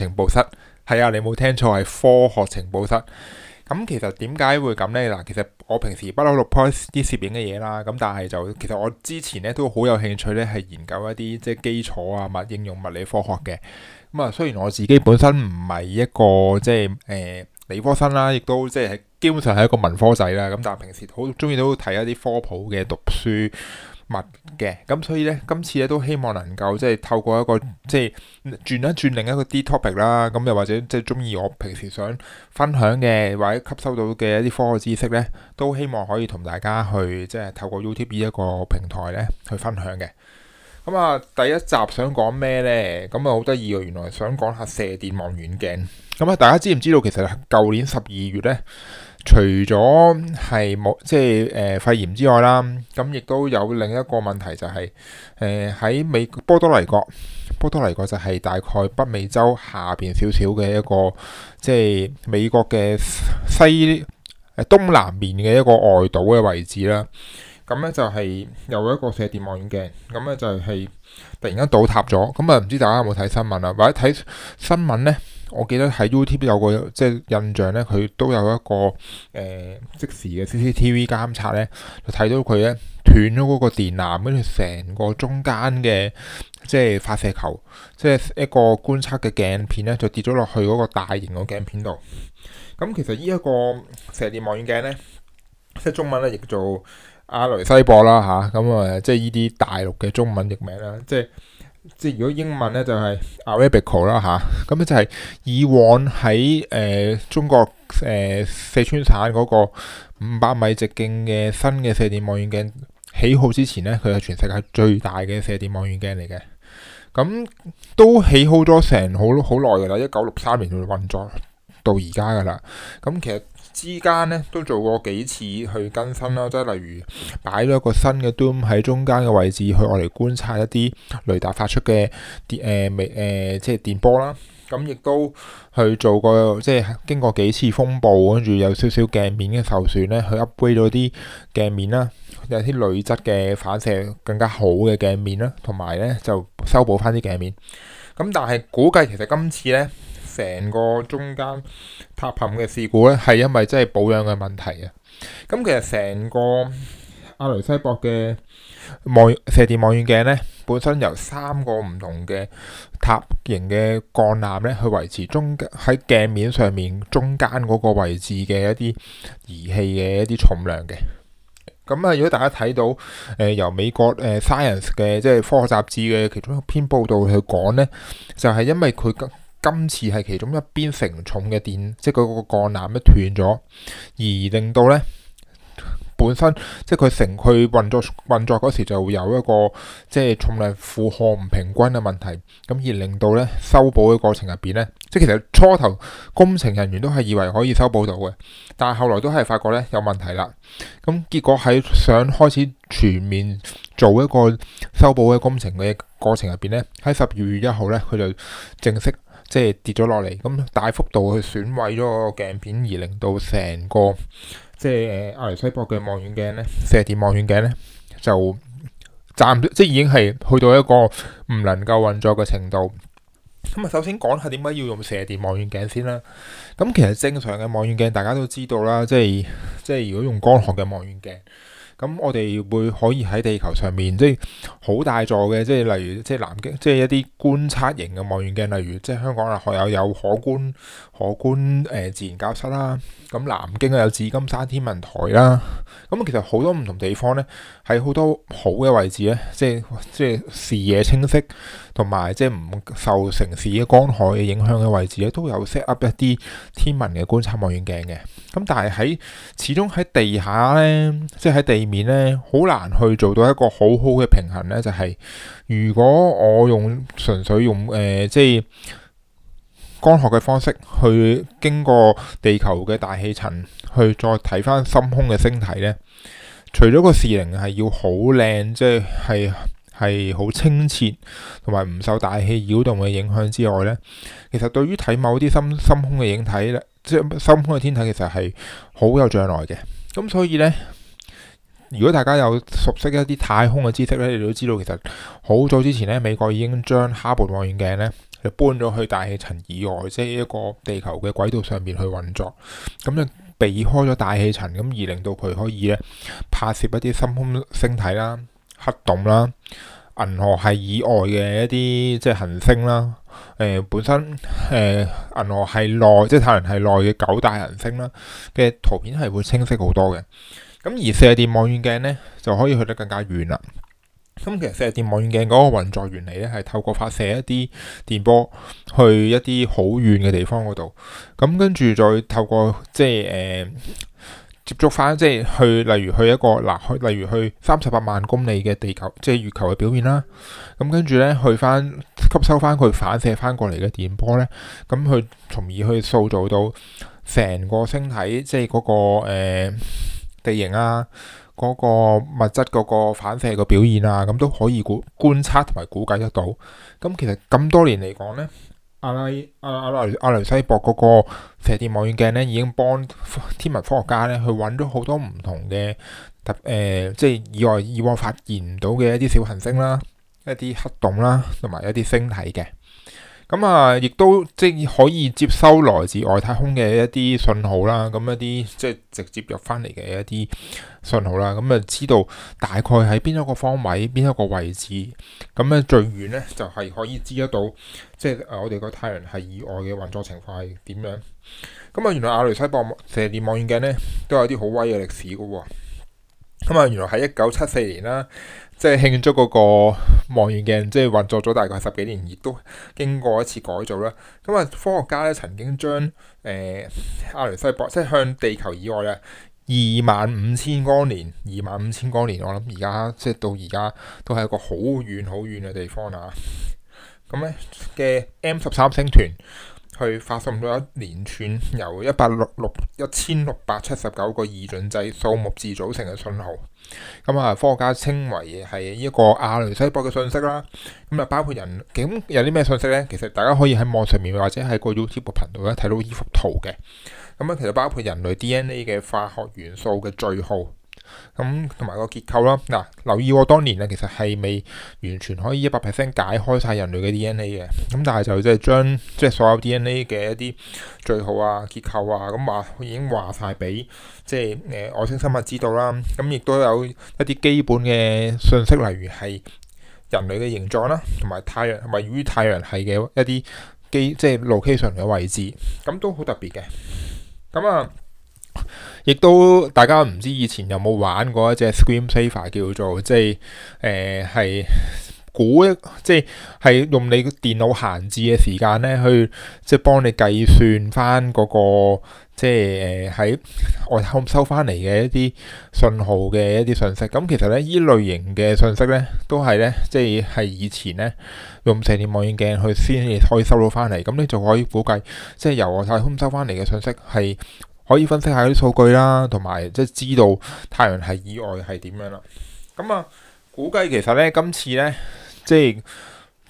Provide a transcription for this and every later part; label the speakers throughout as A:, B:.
A: 情報室係啊，你冇聽錯，係科學情報室。咁、嗯、其實點解會咁呢？嗱，其實我平時不嬲錄啲攝影嘅嘢啦。咁但係就其實我之前咧都好有興趣咧，係研究一啲即係基礎啊物應用物理科學嘅。咁、嗯、啊，雖然我自己本身唔係一個即係誒、呃、理科生啦、啊，亦都即係基本上係一個文科仔啦、啊。咁但係平時好中意都睇一啲科普嘅讀書。物嘅，咁所以咧，今次咧都希望能夠即係透過一個即係轉一轉另一個啲 topic 啦，咁又或者即係中意我平時想分享嘅，或者吸收到嘅一啲科學知識咧，都希望可以同大家去即係透過 YouTube 呢一個平台咧去分享嘅。咁啊，第一集想講咩咧？咁啊，好得意喎！原來想講下射電望遠鏡。咁啊，大家知唔知道其實舊年十二月咧？除咗係冇即係誒、呃、肺炎之外啦，咁亦都有另一個問題就係誒喺美波多黎各，波多黎各就係大概北美洲下面少少嘅一個即係美國嘅西誒東南面嘅一個外島嘅位置啦。咁咧就係有一個射電望遠鏡，咁咧就係突然間倒塌咗。咁啊，唔知大家有冇睇新聞啊？或者睇新聞咧？我記得喺 YouTube 有個即係印象咧，佢都有一個誒、呃、即時嘅 CCTV 監察咧，就睇到佢咧斷咗嗰個電纜，跟住成個中間嘅即係發射球，即係一個觀察嘅鏡片咧，就跌咗落去嗰個大型嘅鏡片度。咁其實呢一個射電望遠鏡咧，即係中文咧，譯做阿雷西博啦吓，咁、啊、誒即係依啲大陸嘅中文譯名啦，即係。即係如果英文咧就係、是、Arecibo、啊、啦吓，咁咧就係以往喺誒、呃、中國誒、呃、四川省嗰個五百米直徑嘅新嘅射電望遠鏡起好之前咧，佢係全世界最大嘅射電望遠鏡嚟嘅。咁、啊、都起好咗成好好耐噶啦，一九六三年就運作到而家噶啦。咁、啊、其實。之間咧都做過幾次去更新啦，即係例如擺咗一個新嘅 dome 喺中間嘅位置去我嚟觀察一啲雷達發出嘅電誒微誒即係電波啦。咁、呃、亦、呃呃啊、都去做過即係經過幾次風暴，跟住有少少鏡面嘅受損咧，去 upgrade 咗啲鏡面啦、啊，有啲鋁質嘅反射更加好嘅鏡面啦，同埋咧就修補翻啲鏡面。咁、啊、但係估計其實今次咧。成個中間塌陷嘅事故咧，係因為即係保養嘅問題啊！咁、嗯、其實成個阿雷西博嘅望射電望遠鏡咧，本身由三個唔同嘅塔形嘅鋼纜咧去維持中喺鏡面上面中間嗰個位置嘅一啲儀器嘅一啲重量嘅。咁、嗯、啊，如果大家睇到誒、呃、由美國誒、呃、Science 嘅即係科學雜誌嘅其中一篇報道去講咧，就係、是、因為佢今次係其中一邊承重嘅電，即係佢個鋼纜都斷咗，而令到咧本身即係佢承佢運作運作嗰時就會有一個即係重量負荷唔平均嘅問題，咁而令到咧修補嘅過程入邊咧，即係其實初頭工程人員都係以為可以修補到嘅，但係後來都係發覺咧有問題啦。咁結果喺想開始全面做一個修補嘅工程嘅過程入邊咧，喺十二月一號咧佢就正式。即係跌咗落嚟，咁大幅度去損毀咗個鏡片，而令到成個即係、呃、阿雷西博嘅望遠鏡咧，射電望遠鏡咧就暫即已經係去到一個唔能夠運作嘅程度。咁啊，首先講下點解要用射電望遠鏡先啦。咁其實正常嘅望遠鏡大家都知道啦，即係即係如果用光學嘅望遠鏡。咁我哋會可以喺地球上面，即係好大座嘅，即係例如即係南極，即係一啲觀察型嘅望遠鏡，例如即係香港學校有有可觀。可觀誒自然教室啦，咁南京啊，有紫金山天文台啦，咁其實好多唔同地方呢，喺好多好嘅位置呢，即係即係視野清晰，同埋即係唔受城市嘅光害嘅影響嘅位置咧，都有 set up 一啲天文嘅觀測望遠鏡嘅。咁但係喺始終喺地下呢，即係喺地面呢，好難去做到一個好好嘅平衡呢。就係、是、如果我用純粹用誒、呃、即係。光學嘅方式去經過地球嘅大氣層，去再睇翻深空嘅星體咧，除咗個視寧係要好靚，即係係好清澈，同埋唔受大氣擾動嘅影響之外咧，其實對於睇某啲深深空嘅影體咧，即係深空嘅天體，其實係好有障礙嘅。咁所以咧。如果大家有熟悉一啲太空嘅知識咧，你都知道其實好早之前咧，美國已經將哈勃望遠鏡咧，就搬咗去大氣層以外，即係一個地球嘅軌道上邊去運作，咁就避開咗大氣層，咁而令到佢可以咧拍攝一啲深空星體啦、黑洞啦、銀河系以外嘅一啲即係恆星啦，誒、呃、本身誒、呃、銀河系內，即係太陽系內嘅九大行星啦嘅圖片係會清晰好多嘅。咁而射電望遠鏡咧就可以去得更加遠啦。咁其實射電望遠鏡嗰個運作原理咧係透過發射一啲電波去一啲好遠嘅地方嗰度，咁跟住再透過即係誒、呃、接觸翻，即係去例如去一個嗱、呃，例如去三十八萬公里嘅地球，即係月球嘅表面啦。咁跟住咧去翻吸收翻佢反射翻過嚟嘅電波咧，咁佢從而去塑造到成個星體，即係嗰、嗰個、呃地形啊，嗰、嗰個物質嗰個反射嘅表現啊，咁都可以估觀察同埋估計得到。咁其實咁多年嚟講咧，阿拉阿拉阿雷阿雷西博嗰個射電望遠鏡咧，已經幫天文科學家咧去揾咗好多唔同嘅特誒，即係以外以往發現唔到嘅一啲小行星啦，一啲黑洞啦，同埋一啲星體嘅。咁啊，亦、嗯、都即可以接收來自外太空嘅一啲信號啦，咁、嗯、一啲即係直接入翻嚟嘅一啲信號啦，咁、嗯、啊、嗯、知道大概喺邊一個方位、邊一個位置，咁、嗯、啊最遠咧就係、是、可以知得到，即係我哋個太陽系以外嘅運作情況係點樣。咁、嗯、啊、嗯，原來阿雷西博射電望遠鏡咧都有啲好威嘅歷史噶喎。咁、嗯、啊、嗯，原來喺一九七四年啦。即係慶祝嗰個望遠鏡，即係運作咗大概十幾年，亦都經過一次改造啦。咁啊，科學家咧曾經將誒、呃、阿雷西博，即係向地球以外咧二萬五千光年，二萬五千光年，我諗而家即係到而家都係一個好遠好遠嘅地方啦。咁咧嘅 M 十三星團。去發送咗一連串由一百六六一千六百七十九個二進制數目字組成嘅信號，咁啊，科學家稱為係一個阿雷西博嘅信息啦。咁啊，包括人，究竟有啲咩信息咧？其實大家可以喺網上面或者喺個 YouTube 頻道咧睇到依幅圖嘅。咁啊，其實包括人類 DNA 嘅化學元素嘅序號。咁同埋個結構啦，嗱、啊，留意我當年啊，其實係未完全可以一百 percent 解開晒人類嘅 DNA 嘅，咁但係就即係將即係所有 DNA 嘅一啲最好啊結構啊，咁、嗯、話、啊、已經話晒俾即係誒外星生物知道啦，咁、嗯、亦都有一啲基本嘅信息，例如係人類嘅形狀啦，同埋太陽同埋於太陽系嘅一啲基即係 location 嘅位置，咁、嗯、都好特別嘅，咁、嗯、啊。亦都，大家唔知以前有冇玩過一隻 screen saver，叫做即係誒，係、呃、估即係用你電腦閒置嘅時間咧，去即係幫你計算翻嗰、那個即係誒喺外太空收翻嚟嘅一啲信號嘅一啲信息。咁、嗯、其實咧，呢類型嘅信息咧，都係咧，即係係以前咧用射電望遠鏡去先可以收到翻嚟，咁、嗯、你就可以估計即係由外太空收翻嚟嘅信息係。可以分析下啲數據啦，同埋即係知道太陽系以外係點樣啦。咁啊，估計其實咧，今次咧，即係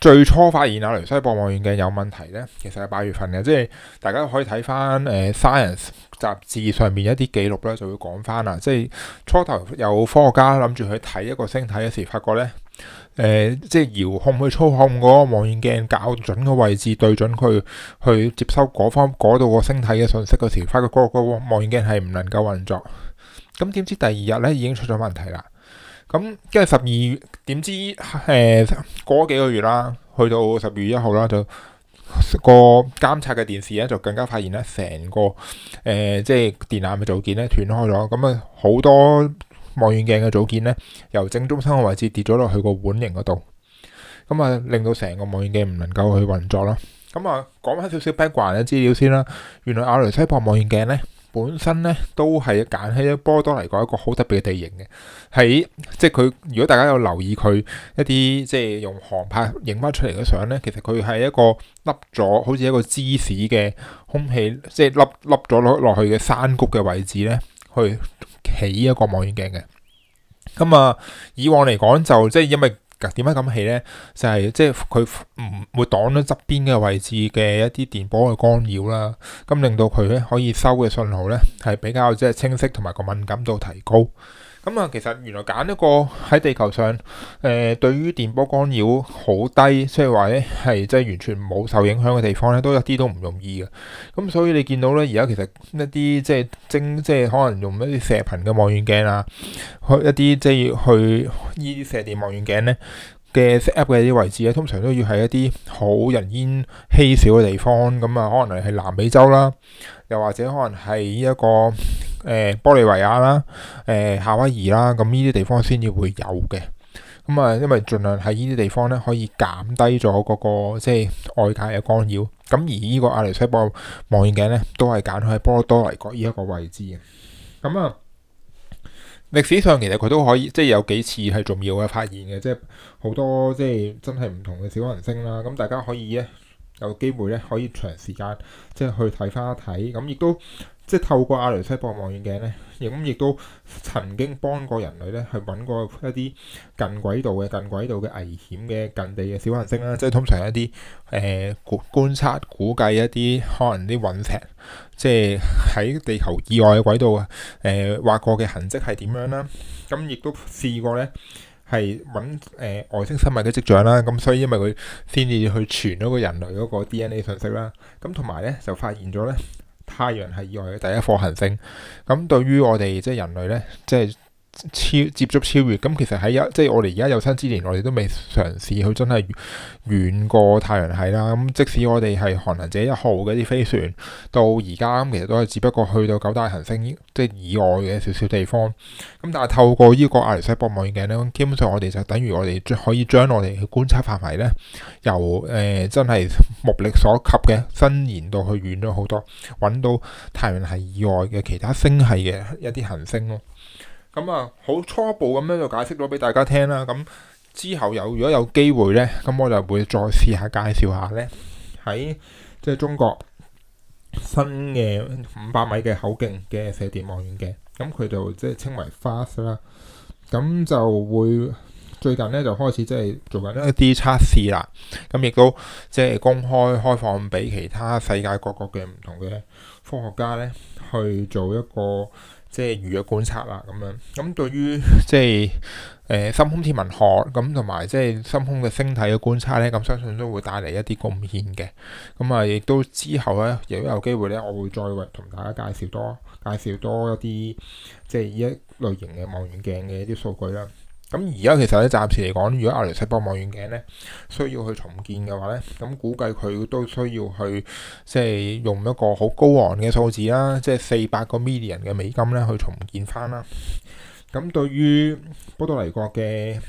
A: 最初發現阿雷西博望遠鏡有問題咧，其實係八月份嘅。即係大家都可以睇翻《誒 Science》雜誌上面一啲記錄咧，就會講翻啦。即係初頭有科學家諗住去睇一個星體嘅時候，發覺咧。誒、呃，即係遙控去操控嗰個望遠鏡校準個位置，對準佢去，去接收嗰方度個星體嘅信息嗰時，發、那、覺個、那個望遠鏡係唔能夠運作。咁點知第二日咧，已經出咗問題啦。咁跟住十二點知，誒過咗幾個月啦，去到十二月一號啦，就、那個監察嘅電視咧，就更加發現咧，成個誒、呃、即係電纜嘅組件咧斷開咗。咁啊好多。望遠鏡嘅組件咧，由正中心嘅位置跌咗落去個碗形嗰度，咁啊，令到成個望遠鏡唔能夠去運作咯。咁啊，講翻少少 Ben 掛人嘅資料先啦。原來阿雷西博望遠鏡咧，本身咧都係揀喺波多黎各一個好特別嘅地形嘅，喺即係佢。如果大家有留意佢一啲即係用航拍影翻出嚟嘅相咧，其實佢係一個凹咗好似一個芝士嘅空氣，即係凹凹咗落落去嘅山谷嘅位置咧。去起一個望遠鏡嘅，咁、嗯、啊以往嚟講就即係因為點解咁起咧，就係、是、即係佢唔會擋到側邊嘅位置嘅一啲電波嘅干擾啦，咁、嗯、令到佢咧可以收嘅信號咧係比較即係清晰同埋個敏感度提高。咁啊、嗯，其實原來揀一個喺地球上，誒、呃、對於電波干擾好低，即係話咧係即係完全冇受影響嘅地方咧，都一啲都唔容易嘅。咁、嗯、所以你見到咧，而家其實一啲即係精，即係可能用一啲射頻嘅望遠鏡啦，一啲即係去依啲射電望遠鏡咧嘅 set up 嘅啲位置咧，通常都要係一啲好人煙稀少嘅地方。咁、嗯、啊，可能係南美洲啦，又或者可能係依一個。誒、呃、玻利維亞啦，誒、呃、夏威夷啦，咁呢啲地方先至會有嘅。咁啊，因為儘量喺呢啲地方咧，可以減低咗、那個個即係外界嘅干擾。咁而呢個阿雷西博望遠鏡咧，都係揀去波多黎各呢一個位置嘅。咁啊，歷史上其實佢都可以即係有幾次係重要嘅發現嘅，即係好多即係真係唔同嘅小行星啦。咁大家可以咧有機會咧可以長時間即係去睇翻一睇，咁亦都。即係透過阿雷西博望遠鏡咧，咁亦，亦都曾經幫過人類咧，去揾過一啲近軌道嘅近軌道嘅危險嘅近地嘅小行星啦、啊。即係通常一啲誒、呃、觀察估計一啲可能啲隕石，即係喺地球以外嘅軌道誒劃、呃、過嘅痕跡係點樣啦、啊。咁、嗯、亦都試過咧係揾誒外星生物嘅跡象啦、啊。咁、嗯、所以因為佢先至去傳咗個人類嗰個 DNA 信息啦、啊。咁同埋咧就發現咗咧。太陽系以外嘅第一顆行星，咁對於我哋即係人類呢，即係。超接觸超越咁、嗯，其實喺有即係我哋而家有生之年，我哋都未嘗試去真係遠,遠過太陽系啦。咁、嗯、即使我哋係《航行者一號》嘅啲飛船到而家、嗯、其實都係只不過去到九大行星即係以外嘅少少地方。咁、嗯、但係透過呢個阿雷西博望遠鏡咧，基本上我哋就等於我哋可以將我哋嘅觀察範圍咧，由誒、呃、真係目力所及嘅，伸延到去遠咗好多，搵到太陽系以外嘅其他星系嘅一啲行星咯。咁啊、嗯，好初步咁樣就解釋咗俾大家聽啦。咁、嗯、之後有如果有機會咧，咁我就會再試下介紹下咧，喺即係中國新嘅五百米嘅口徑嘅射電望遠鏡，咁、嗯、佢就即係、就是、稱為 FAST 啦。咁、嗯、就會最近咧就開始即係、就是、做緊一啲測試啦。咁、嗯、亦都即係、就是、公開開放俾其他世界各國嘅唔同嘅科學家咧去做一個。即係預約觀察啦，咁樣咁對於即係誒、呃、深空天文學咁同埋即係深空嘅星體嘅觀察咧，咁相信都會帶嚟一啲貢獻嘅。咁啊，亦都之後咧，如果有機會咧，我會再為同大家介紹多介紹多一啲即係依一類型嘅望遠鏡嘅一啲數據啦。咁而家其實咧，暫時嚟講，如果阿雷西博望遠鏡咧，需要去重建嘅話咧，咁估計佢都需要去即係、就是、用一個好高昂嘅數字啦，即、就、係、是、四百個 million 嘅美金咧去重建翻啦。咁對於波多黎各嘅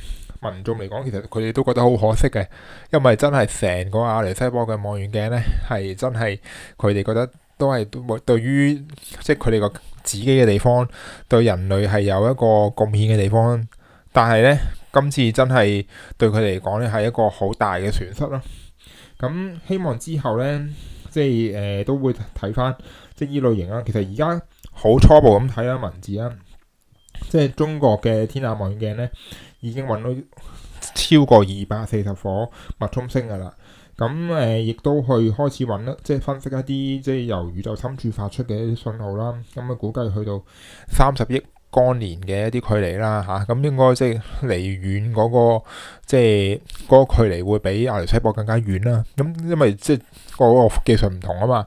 A: 民眾嚟講，其實佢哋都覺得好可惜嘅，因為真係成個阿雷西博嘅望遠鏡咧係真係佢哋覺得都係對於即係佢哋個自己嘅地方對人類係有一個貢獻嘅地方。但係咧，今次真係對佢嚟講咧，係一個好大嘅損失咯。咁、嗯、希望之後咧，即係誒、呃、都會睇翻即係呢類型啦。其實而家好初步咁睇下文字啦、啊，即係中國嘅天眼望遠鏡咧，已經揾到超過二百四十顆脈衝星噶啦。咁、嗯、誒，亦、呃、都去開始揾啦，即係分析一啲即係由宇宙深處發出嘅一啲信號啦。咁、嗯、啊，估計去到三十億。光年嘅一啲距離啦，嚇、啊、咁應該即係離遠嗰、那個即係嗰個距離會比阿雷西博更加遠啦。咁、啊、因為即係嗰個技術唔同啊嘛。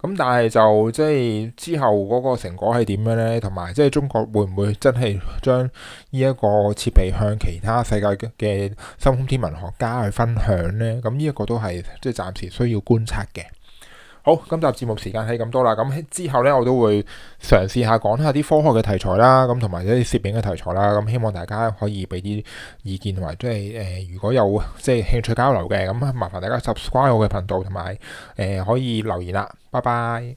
A: 咁、啊、但係就即係之後嗰個成果係點樣咧？同埋即係中國會唔會真係將呢一個設備向其他世界嘅深空天文學家去分享咧？咁呢一個都係即係暫時需要觀察嘅。好，今集節目時間係咁多啦。咁之後咧，我都會嘗試下講下啲科學嘅題材啦，咁同埋一啲攝影嘅題材啦。咁希望大家可以俾啲意見，同埋即係誒，如果有即係興趣交流嘅，咁麻煩大家 subscribe 我嘅頻道，同埋誒可以留言啦。拜拜。